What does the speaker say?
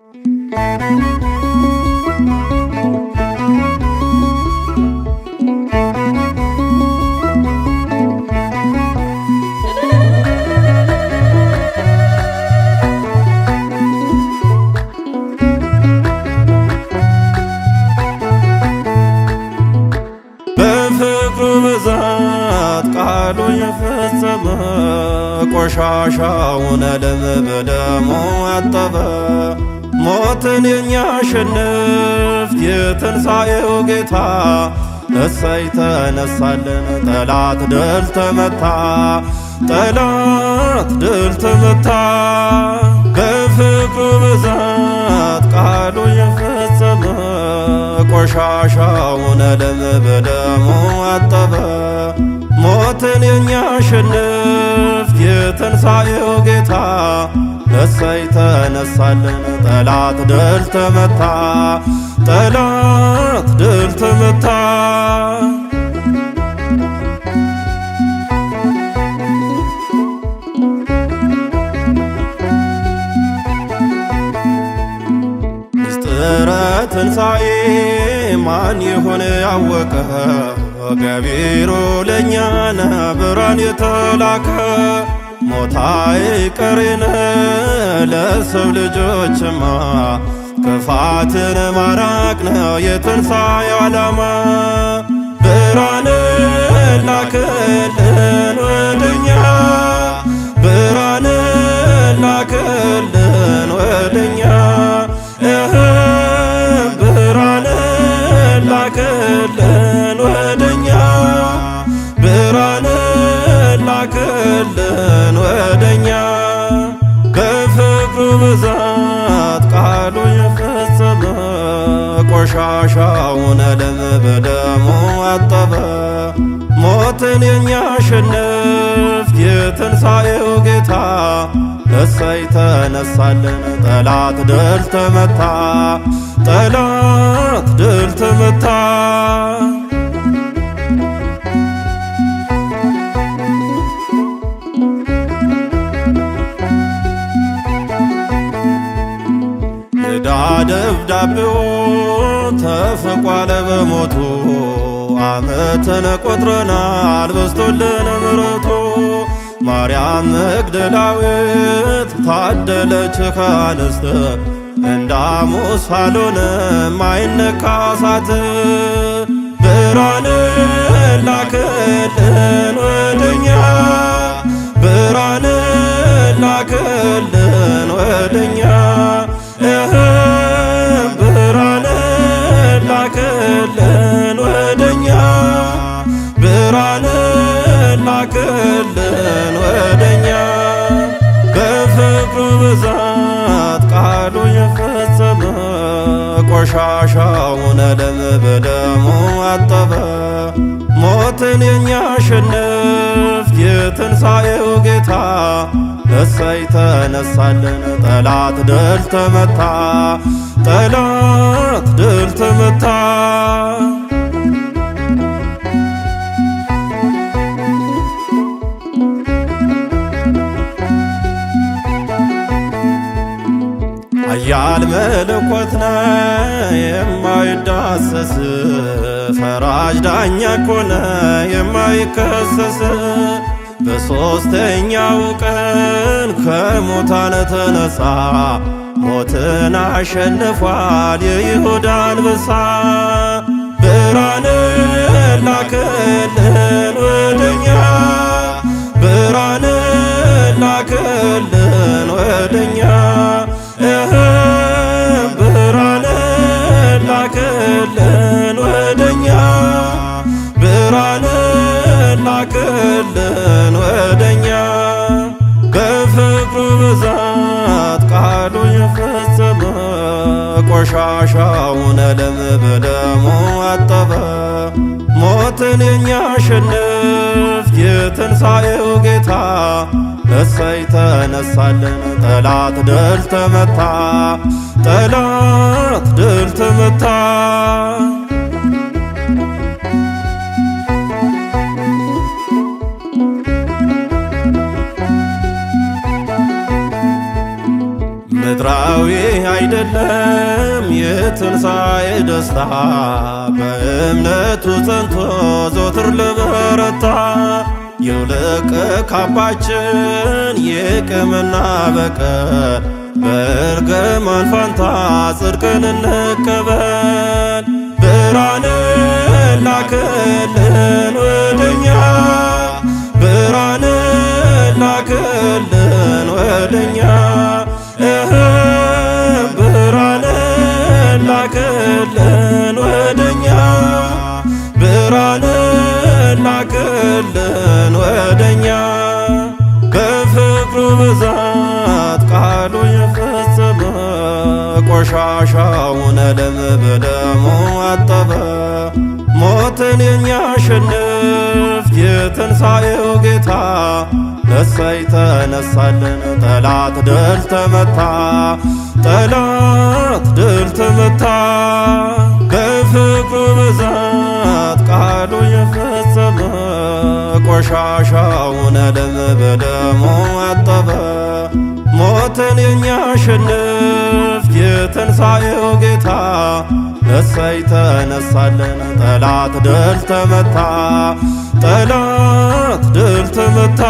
በፍቅሩ ብዛት ቃሉ የፈጸመ ቆሻሻውን ዓለም በደሙ አጠበ። ሞትን የሚያሸንፍ የትንሣኤው ጌታ እሰይ ተነሳልን። ጠላት ድል ተመታ፣ ጠላት ድል ተመታ። በፍቅሩ ብዛት ቃሉ የፈጸመ ቆሻሻውን ዓለም በደሙ አጠበ። ሞትን የሚያሸንፍ የትንሣኤው ጌታ እሰይ ተነሳለን ጠላት ድል ተመታ፣ ጠላት ድል ተመታ። ምስጢረ ትንሣኤ ማን የሆነ ያወቀ ገቢሮ ለእኛ ነው ብርሃን የተላከ ሞታይ ቀሪነ ለሰው ልጆችማ ክፋትን ማራቅ ነው የትንሣኤ ዓላማ። ብርሃን ላክልን ወደኛ፣ ብርሃን ላክልን ወደኛ፣ ብርሃን ላክልን ቆሻሻውን ደም በደሙ አጠበ። ሞትን የሚያሸንፍ የትንሣኤው ጌታ እሰይ ተነሳልን። ጠላት ድል ተመታ፣ ጠላት ድል ተመታ። የዕዳ ተፈቋለ በሞቱ ዓመትን ቆጥረናል በዝቶልን ምሕረቱ። ማርያም መግደላዊት ታደለች ከአንስት እንዳሙስ አልሆነም አይነካሳት ብርሃን ላክ ዓለምን በደሙ አጠበ። ሞትን የሚያሸንፍ የትንሣኤው ጌታ እሰይ ተነሳልን፣ ጠላት ድል ተመታ። አያል መለኮት ነ የማይዳሰስ ፈራጅ ዳኛ ኮነ የማይከሰስ በሦስተኛው ቀን ከሙታን ተነሳ ሞትን አሸንፏል የይሁዳ አንበሳ። ብርሃን ላክልን ወደኛ ብርሃን ላክልን ላክልን ወደኛ በፍቅሩ ብዛት ቃሉ የፈጸመ ቆሻሻውን ዓለም በደሙ አጠበ። ሞትን የሚያሸንፍ የትንሣኤው ጌታ እሰይ ተነሳልን። ጠላት ድል ተመታ፣ ጠላት ድል ተመታ። የትንሣኤ ደስታ በእምነቱ ጸንቶ ዘወትር ለበረታ ይውለቅ ካባችን ይቅምና በቀል በእርግማን ፋንታ ጽድቅን እንቀበል ብርሃን ላክልን ብዛት ቃሉ የፈጸመ ቆሻሻውን ደም በደሙ አጠበ። ሞትን የሚያሸንፍ የትንሣኤው ጌታ እሰይ ተነሳልን። ጠላት ድል ተመታ፣ ጠላት ድል ተመታ። በፍቅሩ ብዛት ቃሉ የፈ አፈጸመ ቆሻሻውን ደም በደሙ አጠበ። ሞትን የሚያሸንፍ የትንሣኤው ጌታ እሰይ ተነሳለን። ጠላት ድል ተመታ፣ ጠላት ድል ተመታ።